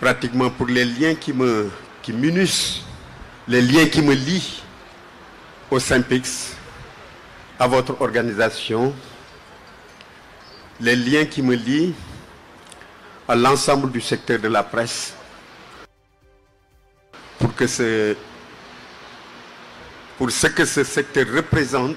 pratiquement pour les liens qui me qui m'unissent, les liens qui me lient au saint à votre organisation, les liens qui me lient à l'ensemble du secteur de la presse, pour que ce, pour ce que ce secteur représente,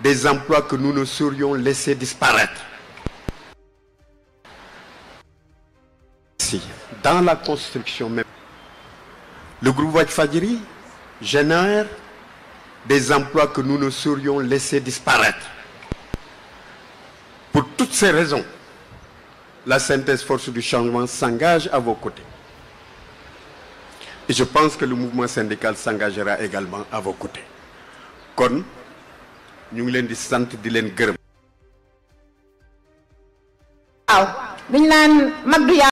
des emplois que nous ne saurions laisser disparaître. Si Dans la construction même, le groupe Fadiri génère des emplois que nous ne saurions laisser disparaître. Pour toutes ces raisons, la synthèse force du changement s'engage à vos côtés. Et je pense que le mouvement syndical s'engagera également à vos côtés. kon ñu ngi leen di sant di leen gërëm. waaw.